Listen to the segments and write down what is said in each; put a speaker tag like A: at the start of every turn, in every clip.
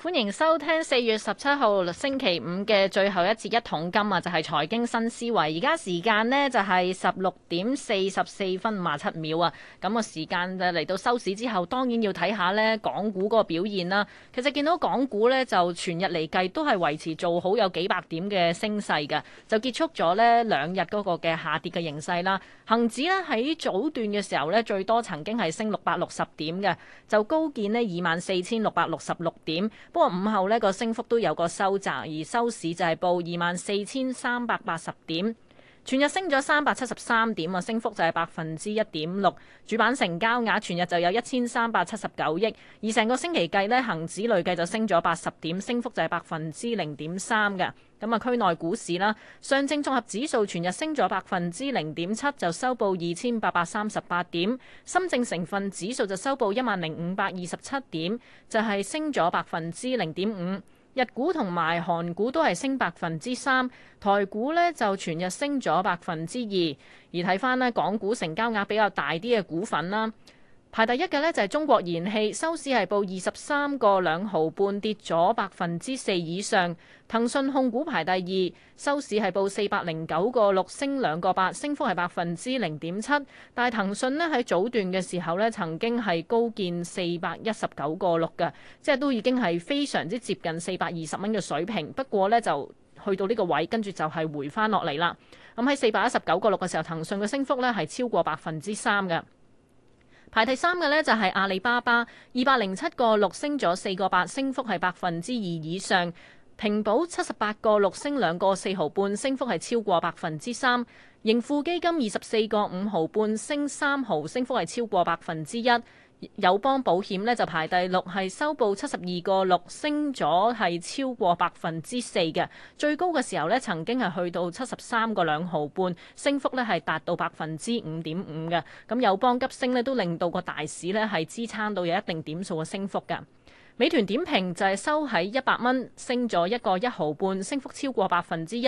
A: 歡迎收聽四月十七號星期五嘅最後一節一桶金啊，就係財經新思維。而家時間呢，就係十六點四十四分五十七秒啊。咁個時間就嚟到收市之後，當然要睇下呢港股嗰個表現啦。其實見到港股呢，就全日嚟計都係維持做好有幾百點嘅升勢㗎，就結束咗呢兩日嗰個嘅下跌嘅形勢啦。恒指呢，喺早段嘅時候呢，最多曾經係升六百六十點㗎，就高見呢二萬四千六百六十六點。不過午後呢個升幅都有個收窄，而收市就係報二萬四千三百八十點。全日升咗三百七十三點啊，升幅就係百分之一點六。主板成交額全日就有一千三百七十九億，而成個星期計呢，恒指累計就升咗八十點，升幅就係百分之零點三嘅。咁啊，區內股市啦，上證綜合指數全日升咗百分之零點七，就收報二千八百三十八點。深證成分指數就收報一萬零五百二十七點，就係升咗百分之零點五。日股同埋韓股都係升百分之三，台股呢就全日升咗百分之二，而睇返呢，港股成交額比較大啲嘅股份啦。排第一嘅呢，就係中國燃氣，收市係報二十三個兩毫半，跌咗百分之四以上。騰訊控股排第二，收市係報四百零九個六，升兩個八，升幅係百分之零點七。但係騰訊呢，喺早段嘅時候呢，曾經係高見四百一十九個六㗎，即係都已經係非常之接近四百二十蚊嘅水平。不過呢，就去到呢個位，跟住就係回翻落嚟啦。咁喺四百一十九個六嘅時候，騰訊嘅升幅呢係超過百分之三㗎。排第三嘅呢，就係阿里巴巴，二百零七個六升咗四個八，升幅係百分之二以上。平保七十八個六升兩個四毫半，升幅係超過百分之三。盈富基金二十四個五毫半，升三毫，升幅係超過百分之一。友邦保險呢就排第六，係收報七十二個六，升咗係超過百分之四嘅。最高嘅時候呢曾經係去到七十三個兩毫半，升幅呢係達到百分之五點五嘅。咁友邦急升呢都令到個大市呢係支撐到有一定點數嘅升幅㗎。美團點評就係收喺一百蚊，升咗一個一毫半，升幅超過百分之一。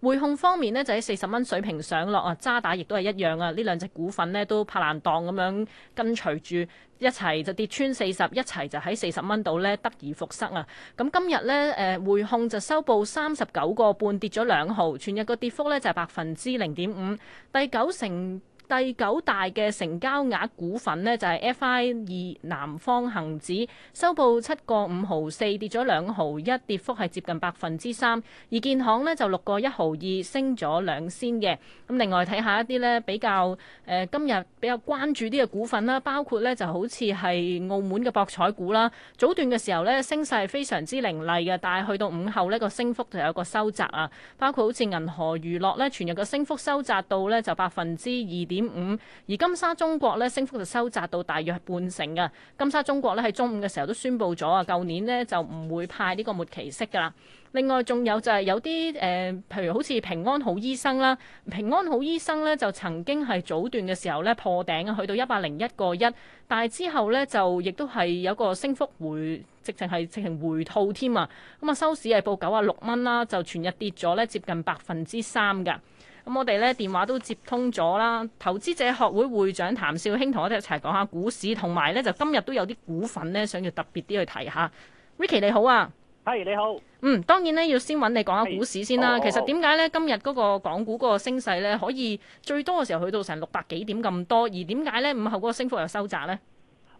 A: 匯控方面呢，就喺四十蚊水平上落啊，渣打亦都係一樣啊。呢兩隻股份呢，都拍爛檔咁樣跟隨住一齊就跌穿四十，一齊就喺四十蚊度呢，得而復失啊。咁今日呢，誒匯控就收報三十九個半，跌咗兩毫，全日個跌幅呢，就係百分之零點五，第九成。第九大嘅成交額股份咧，就係 FI 二南方恒指收報七個五毫四，跌咗兩毫一，跌幅係接近百分之三。而建行咧，就六個一毫二，升咗兩仙嘅。咁另外睇下一啲咧，比較誒，今日比較關注啲嘅股份啦，包括咧，就好似係澳門嘅博彩股啦。早段嘅時候咧，升勢係非常之凌厲嘅，但係去到午後呢個升幅就有一個收窄啊。包括好似銀河娛樂咧，全日嘅升幅收窄到咧，就百分之二點。五，而金沙中國咧，升幅就收窄到大約半成噶。金沙中國咧喺中午嘅時候都宣布咗啊，舊年咧就唔會派呢個末期息噶啦。另外仲有就係有啲誒、呃，譬如好似平安好醫生啦，平安好醫生咧就曾經係早段嘅時候咧破頂去到一百零一個一，但係之後咧就亦都係有個升幅回，直情係直情回吐添啊。咁啊，收市係報九啊六蚊啦，就全日跌咗咧接近百分之三噶。咁我哋咧電話都接通咗啦，投資者學會會長譚紹興同我哋一齊講下股市，同埋咧就今日都有啲股份咧想要特別啲去提下。Ricky 你好啊，係你好，嗯，當然咧要先揾你講下股市先啦。Hi . Oh, 其實點解咧今日嗰個港股嗰個升勢咧可以最多嘅時候去到成六百幾點咁多，而點解咧午後嗰個升幅
B: 又收窄呢？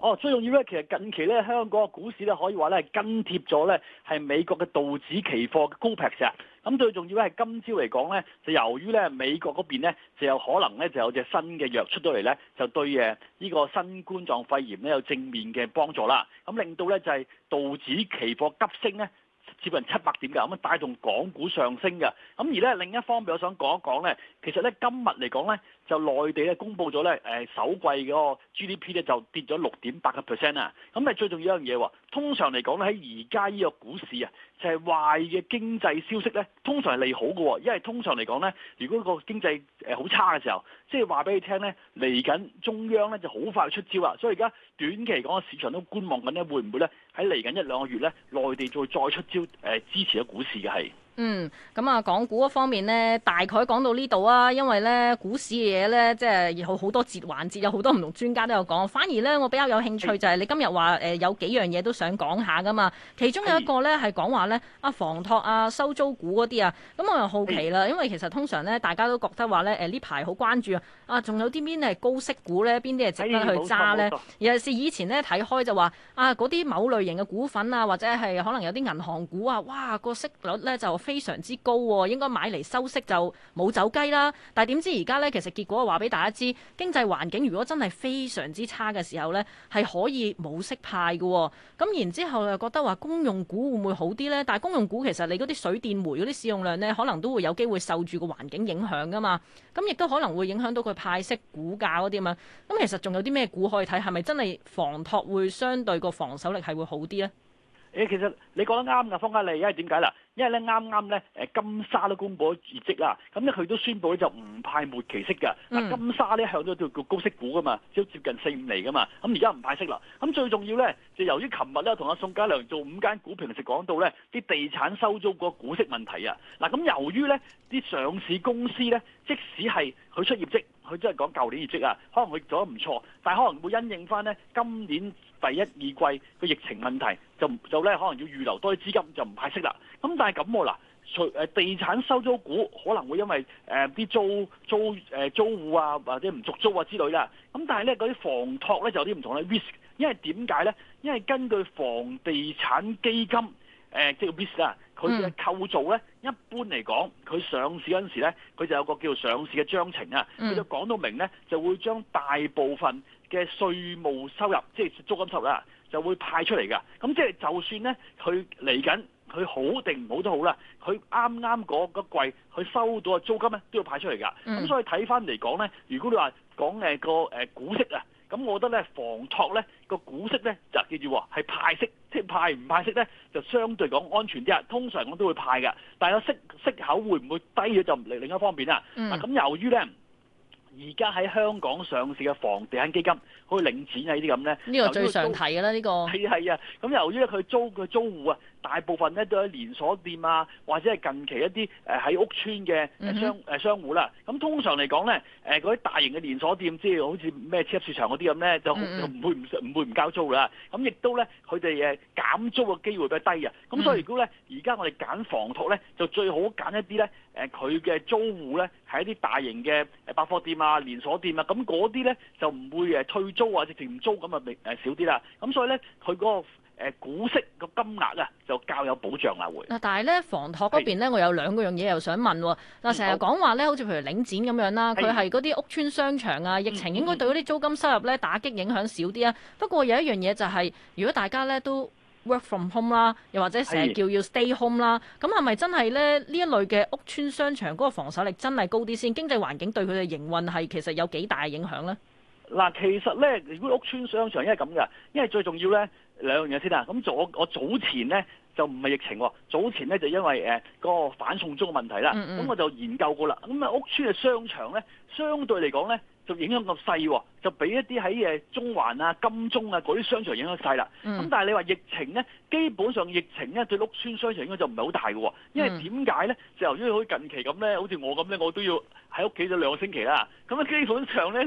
B: 哦，oh, 最重要咧，其實近期咧香港嘅股市咧可以話咧跟貼咗咧係美國嘅道指期貨嘅高平石。咁最重要咧，係今朝嚟講咧，就由於咧美國嗰邊咧，就有可能咧就有隻新嘅藥出咗嚟咧，就對誒呢個新冠狀肺炎咧有正面嘅幫助啦。咁令到咧就係道指期貨急升咧，接近七百點㗎，咁啊帶動港股上升嘅。咁而咧另一方面，我想講一講咧，其實咧今日嚟講咧。就內地咧，公布咗咧，誒首季嗰個 GDP 咧就跌咗六點八個 percent 啊！咁誒最重要一樣嘢，通常嚟講咧，喺而家呢個股市啊，就係壞嘅經濟消息咧，通常係利好㗎，因為通常嚟講咧，如果個經濟誒好差嘅時候，即係話俾你聽咧，嚟緊中央咧就好快出招啊！所以而家短期嚟講，個市場都觀望緊咧，會唔會咧喺嚟緊一兩個月咧，內地再再出招誒、呃、支持咗股市嘅係。
A: 嗯，咁、嗯、啊，港股方面呢，大概講到呢度啊，因為呢股市嘅嘢呢，即係好好多節環節，有好多唔同專家都有講，反而呢，我比較有興趣就係你今日話誒有幾樣嘢都想講下噶嘛。其中有一個呢，係講話呢啊房託啊收租股嗰啲啊，咁我又好奇啦，因為其實通常呢，大家都覺得話呢誒呢排好關注啊，啊仲有啲邊係高息股呢邊啲係值得去揸呢，哎、尤其是以前呢睇開就話啊，嗰啲某類型嘅股份啊，或者係可能有啲銀行股啊，哇個息率呢就～非常之高喎，應該買嚟收息就冇走雞啦。但係點知而家呢？其實結果話俾大家知，經濟環境如果真係非常之差嘅時候呢，係可以冇息派嘅喎。咁然之後又覺得話公用股會唔會好啲呢？但係公用股其實你嗰啲水電煤嗰啲使用量呢，可能都會有機會受住個環境影響噶嘛。咁亦都可能會影響到佢派息股價嗰啲嘛。咁其實仲有啲咩股可以睇？係咪真係防託會相對個防守力係會好啲呢？其實你
B: 講得啱噶，方家麗，因為點解啦？因為咧，啱啱咧，誒金沙都公佈咗業績啦，咁咧佢都宣布咧就唔派末期息嘅。嗱、嗯、金沙咧向咗叫叫高息股噶嘛，都接近四五厘噶嘛。咁而家唔派息啦。咁最重要咧，就由於琴日咧同阿宋家良做五間股評時講到咧啲地產收租個股息問題啊。嗱，咁由於咧啲上市公司咧，即使係佢出業績，佢真係講舊年業績啊，可能會做得唔錯，但係可能會因應翻咧今年第一二季個疫情問題，就就咧可能要預留多啲資金，就唔派息啦。咁但係咁喎，嗱，除誒地產收租股可能會因為誒啲、呃、租租誒租戶啊或者唔續租啊之類啦，咁但係咧嗰啲房託咧就有啲唔同咧 risk，因為點解咧？因為根據房地產基金誒，即、呃、係、就是、REIT 啊，佢嘅構造咧，一般嚟講，佢上市嗰陣時咧，佢就有個叫做上市嘅章程啊，佢就講到明咧，就會將大部分嘅稅務收入，即、就、係、是、租金收入啦，就會派出嚟噶，咁即係就算咧，佢嚟緊。佢好定唔好都好啦，佢啱啱嗰個季佢收到嘅租金咧都要派出嚟噶，咁、嗯、所以睇翻嚟講咧，如果你話講誒個誒股息啊，咁我覺得咧房託咧、個股息咧就記住係派息，即係派唔派息咧就相對講安全啲啊，通常我都會派嘅，但係個息息口會唔會低咗就唔另另一方面啦。嗯。咁由於咧。而家喺香港上市嘅房地產基金可以領錢啊！呢啲咁咧，呢個最常睇嘅啦，呢個係係啊。咁由於佢租嘅、這個、租戶啊，租租戶大部分咧都喺連鎖店啊，或者係近期一啲誒喺屋邨嘅商誒、嗯、哼商戶啦。咁通常嚟講咧，誒嗰啲大型嘅連鎖店，即係好似咩超級市場嗰啲咁咧，就唔會唔唔會唔交租啦。咁亦、嗯、哼都咧，佢哋誒減租嘅機會比較低啊。咁、嗯、哼所以如果咧，而家我哋揀房託咧，就最好揀一啲咧誒，佢嘅租戶咧係一啲大型嘅誒百貨店。啊，連鎖店啊，咁嗰啲呢就唔會誒退租啊，直情唔租咁啊，咪少啲啦。咁所以呢，佢嗰個股息個金額啊，就較有保障啊，會。
A: 嗱，但係呢，房託嗰邊咧，是我有兩個樣嘢又想問喎。嗱，成日講話呢，好似譬如領展咁樣啦，佢係嗰啲屋邨商場啊，疫情應該對嗰啲租金收入呢，打擊影響少啲啊。不過有一樣嘢就係、是，如果大家呢都，Work from home 啦，又或者成日叫要 stay home 啦的，咁係咪真係咧呢一類嘅屋邨商場嗰個防守力真係高啲先？經濟環境對佢嘅營運係其實有幾大嘅影響呢？嗱，其實呢，如果
B: 屋邨商場因為咁嘅，因為最重要呢兩樣嘢先啊。咁我我早前呢，就唔係疫情，早前呢就因為誒個反送中嘅問題啦。咁我就研究過啦。咁啊屋邨嘅商場呢，相對嚟講呢。就影響咁細，哦，就俾一啲喺誒中環啊、金鐘啊嗰啲商場影響細啦。咁、mm. 但係你話疫情咧，基本上疫情咧對屋村商場影響就唔係好大嘅，哦，因為點解咧？就由於好近期咁咧，好似我咁咧，我都要喺屋企咗兩個星期啦。咁樣基本上咧，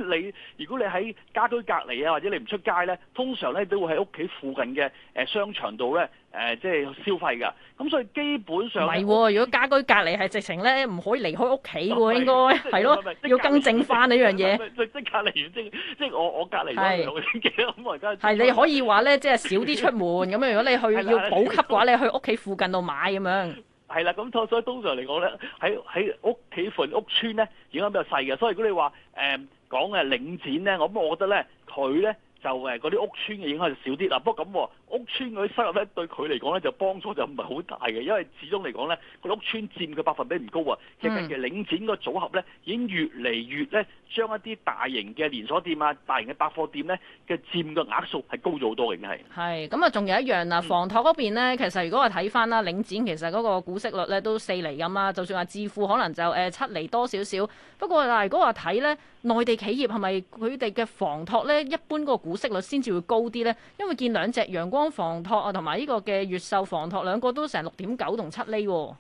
B: 你如果你喺家居隔離啊，或者你唔出街咧，通常咧都會喺屋企附近嘅誒、呃、商場度咧。誒即係消費㗎，咁所以基本上唔係喎。
A: 如果家居隔離係直情咧，唔可以離開屋企喎，應該係咯，要更正返呢樣嘢。
B: 即係隔離完即係即係我我隔離完嘅咁而家係你可以
A: 話咧，即係少啲出門咁樣。如果你去要補給嘅話，你去屋
B: 企附近度買咁樣。係啦，咁所所以通常嚟講咧，喺喺屋企盤屋村咧影響比較細嘅。所以如果你話誒講誒領展咧，我咁我覺得咧佢咧。就誒嗰啲屋村嘅影響就少啲啦，不過咁屋村嗰啲收入咧對佢嚟講咧就幫助就唔係好大嘅，因為始終嚟講咧，個屋村佔嘅百分比唔高啊，即係其實領展個組合咧已經越嚟越咧將一啲大型嘅連鎖店啊、大型嘅百貨店咧嘅佔嘅額數係高咗好多，已經係。
A: 係，咁啊仲有一樣啊，房託嗰邊咧，嗯、其實如果話睇翻啦，領展其實嗰個股息率咧都四厘咁啊，就算話置富可能就誒七厘多少少，不過嗱如果話睇咧，內地企業係咪佢哋嘅房託咧一般個股息率先至會高啲咧，因為見兩隻陽光房託啊，同埋呢個嘅越秀房託，兩個
B: 都成六點九同七厘。咦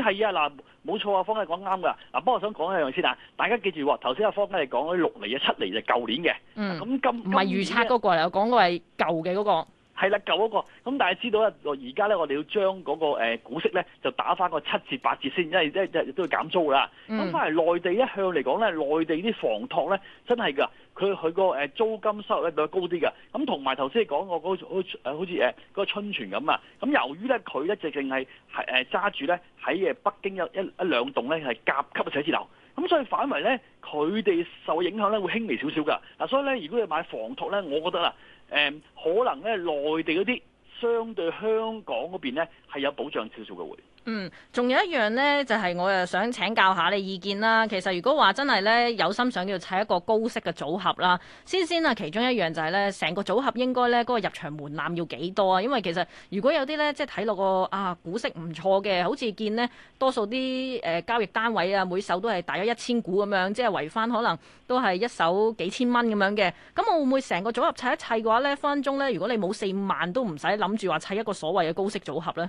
B: 係啊嗱，冇錯啊，方姐講啱噶。嗱，不過我想講一樣先啊，大家記住喎，頭先阿方姐係講啲六厘啊七厘就舊年嘅。嗯。咁今唔係預測嗰個嚟，我講嗰個係舊嘅嗰個。係啦，舊嗰個咁，但係知道咧，而家咧，我哋要將嗰個股息咧，就打翻個七折八折先，因為咧都都要減租啦。咁翻嚟內地一向嚟講咧，內地啲房託咧真係㗎，佢佢個誒租金收入咧比較高啲㗎。咁同埋頭先你講過嗰個好似誒，好似誒個春泉咁啊。咁由於咧佢一直淨係係誒揸住咧喺誒北京一一一兩棟咧係甲級嘅寫字樓，咁所以反為咧，佢哋受影響咧會輕微少少噶。嗱，所以咧，如果你買房託咧，我覺得啦，誒，可能咧，內地嗰啲相對香港嗰邊咧係有保障少少嘅會。
A: 嗯，仲有一樣呢，就係、是、我誒想請教下你意見啦。其實如果話真係呢，有心想要砌一個高息嘅組合啦，先先啊，其中一樣就係呢，成個組合應該呢嗰個入場門檻要幾多啊？因為其實如果有啲呢，即係睇落個啊股息唔錯嘅，好似見呢多數啲誒、呃、交易單位啊，每手都係大約一千股咁樣，即係圍翻可能都係一手幾千蚊咁樣嘅。咁我會唔會成個組合砌一砌嘅話呢？分分鐘呢，如果你冇四五萬都唔使諗住話砌一個所謂嘅高息組合呢。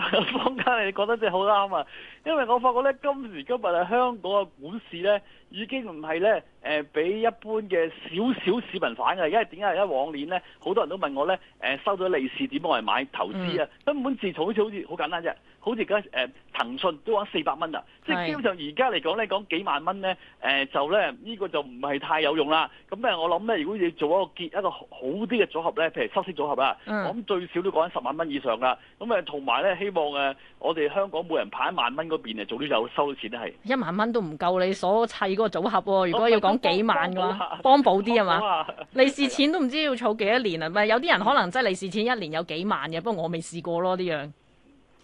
B: 方家，你覺得隻好啱啊？因為我發覺咧，今時今日啊，香港嘅股市咧已經唔係咧，誒、呃，俾一般嘅少少市民反嘅。而家係點解？而家往年咧，好多人都問我咧，誒、呃，收咗利是點攞嚟買投資啊？根、嗯、本自炒好似好似好簡單啫，好似而家誒騰訊都玩四百蚊啊，的即係基本上而家嚟講咧，講幾萬蚊咧，誒、呃，就咧呢、呢個就唔係太有用啦。咁誒，我諗咧，如果你做一個結一個好啲嘅組合咧，譬如收息組合啦，咁、嗯、最少都講緊十萬蚊以上啦。咁誒，同埋咧，希望誒我哋香港每人派一萬蚊嗰邊啊，早收到錢係。
A: 一萬蚊都唔夠你所砌嗰個組合喎，如果要講幾萬嘅話，幫補啲係嘛？利是錢都唔知要儲幾多年啊，咪的有啲人可能真係利是錢一年有幾萬嘅，不過我未試過咯呢樣。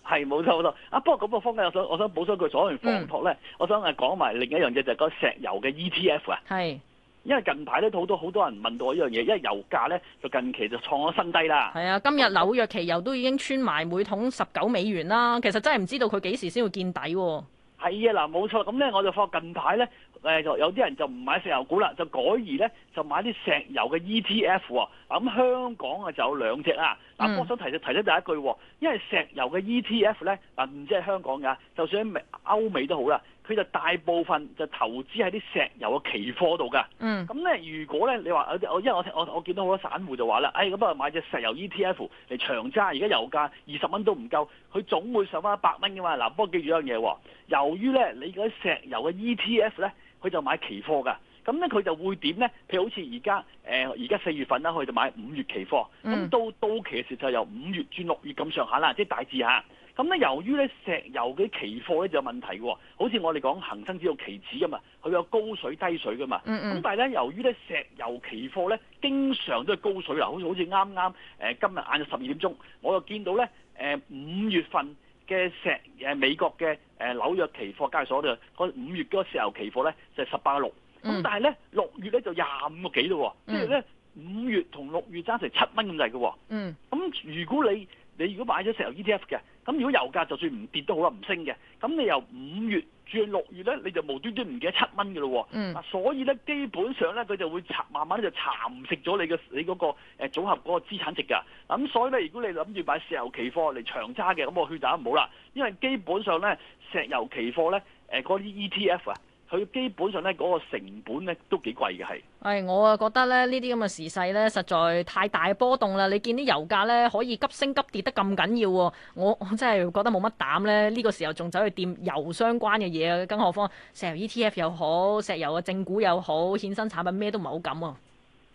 B: 係冇錯啦，啊不過咁個方向，我想我想補充句所謂房託咧，呢嗯、我想誒講埋另一樣嘢就係、是、個石油嘅 ETF 啊。係。因為近排咧，好多好多人問到我呢樣嘢，因為油價咧就近期就創咗新低啦。
A: 係啊，今日紐約期油都已經穿埋每桶
B: 十九美元啦。其實真係唔知道佢幾時先會見底。係啊，嗱、啊，冇錯。咁、嗯、咧，我就發近排咧，誒，就有啲人就唔買石油股啦，就改而咧就買啲石油嘅 ETF 啊、嗯。咁香港啊，就有兩隻啦。嗯、我想提提出第一句，因為石油嘅 ETF 咧，啊唔止喺香港㗎，就算歐美都好啦，佢就大部分就投資喺啲石油嘅期貨度㗎、嗯哎。嗯，咁咧如果咧你話，有啲我因為我我我見到好多散戶就話啦，誒咁啊買隻石油 ETF 嚟長揸，而家油價二十蚊都唔夠，佢總會上返一百蚊㗎嘛。嗱，不過記住一樣嘢喎，由於咧你嗰啲石油嘅 ETF 咧，佢就買期貨㗎。咁咧佢就會點咧？譬如好似而家誒，而家四月份啦，佢就買五月期貨。咁到到期嘅時候就由五月轉六月咁上下啦，即、就、係、是、大致吓！咁咧由於咧石油嘅期貨咧就有問題嘅、哦，好似我哋講恒生指有期指咁嘛，佢有高水低水噶嘛。咁、嗯嗯、但係咧由於咧石油期貨咧經常都係高水啊，好似好似啱啱誒今日晏晝十二點鐘，我就見到咧誒五月份嘅石誒、呃、美國嘅誒、呃、紐約期貨交易所度嗰五月嗰個石油期貨咧就係十八個六。咁但係咧六月咧就廿五個幾咯，即係咧五月同六月爭成七蚊咁滯嘅。嗯，咁如果你你如果買咗石油 ETF 嘅，咁如果油價就算唔跌都好啦，唔升嘅，咁你由五月轉六月咧，你就無端端唔記得七蚊嘅咯。嗯，所以咧基本上咧佢就會慢慢咧就蠶食咗你嘅你嗰個誒組合嗰個資產值㗎。咁所以咧如果你諗住買石油期貨嚟長揸嘅，咁我勸就唔好啦，因為基本上咧石油期貨咧誒嗰啲 ETF 啊。呃呃那那佢基本上咧嗰個成本咧都幾貴嘅，係。
A: 係，我啊覺得咧呢啲咁嘅時勢咧，實在太大波動啦！你見啲油價咧可以急升急跌得咁緊要喎、啊，我我真係覺得冇乜膽咧呢、呢個時候仲走去掂油相關嘅嘢、啊，更何況石油 ETF 又好，石油嘅正股又好，衍生產品咩都唔係好敢喎、啊。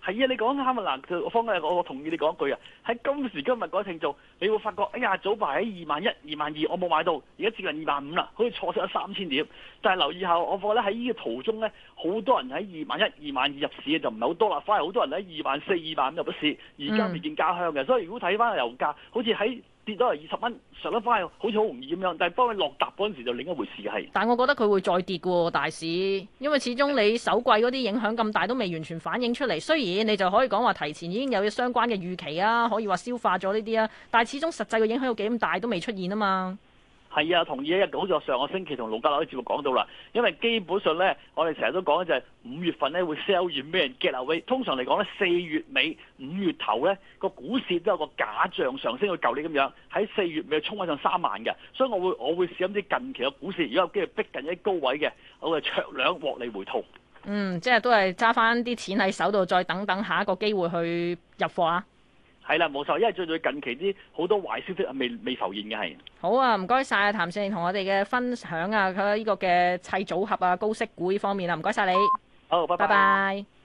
B: 係啊，你講啱啊嗱，我方嘅我同意你講一句啊，喺今時今日嗰程度，你會發覺，哎呀，早排喺二萬一、二萬二，我冇買到，而家接近二萬五啦，好似錯失咗三千點。但係留意下，我覺得喺呢個途中咧，好多人喺二萬一、二萬二入市嘅就唔係好多啦，反而好多人喺二萬四、二萬五入咗市，而家未見家鄉嘅。所以如果睇翻個油價，好似喺，跌咗二十蚊，上翻去好似好容易咁樣，但係幫佢落閘嗰陣時就另一回事嘅係。
A: 但係我覺得佢會再跌嘅喎、啊、大市，因為始終你首季嗰啲影響咁大都未完全反映出嚟。雖然你就可以講話提前已經有相關嘅預期啊，可以話消化咗呢啲啊，但係始終實際嘅影響有幾咁大都未出現啊嘛。
B: 係啊，同意一日好似我上個星期同盧家樓啲節目講到啦，因為基本上咧，我哋成日都講咧就係五月份咧會 sell 完俾人 get away，通常嚟講咧四月尾、五月頭咧個股市都有個假象上升到舊年咁樣，喺四月尾衝緊上三萬嘅，所以我會我會試諗啲近期嘅股市，如果有機會逼近一啲高位嘅，我會酌量獲利回吐。嗯，
A: 即係都係揸翻啲錢喺手度，再等等下一個機會去
B: 入貨啊！係啦，冇錯，因為最近近期啲好多壞消息啊，未未浮現嘅係。
A: 好啊，唔該晒啊，譚先生同我哋嘅分享啊，佢、這、呢個嘅砌組合啊，高息股呢方面啊，唔該晒你。好，拜。拜拜。拜拜。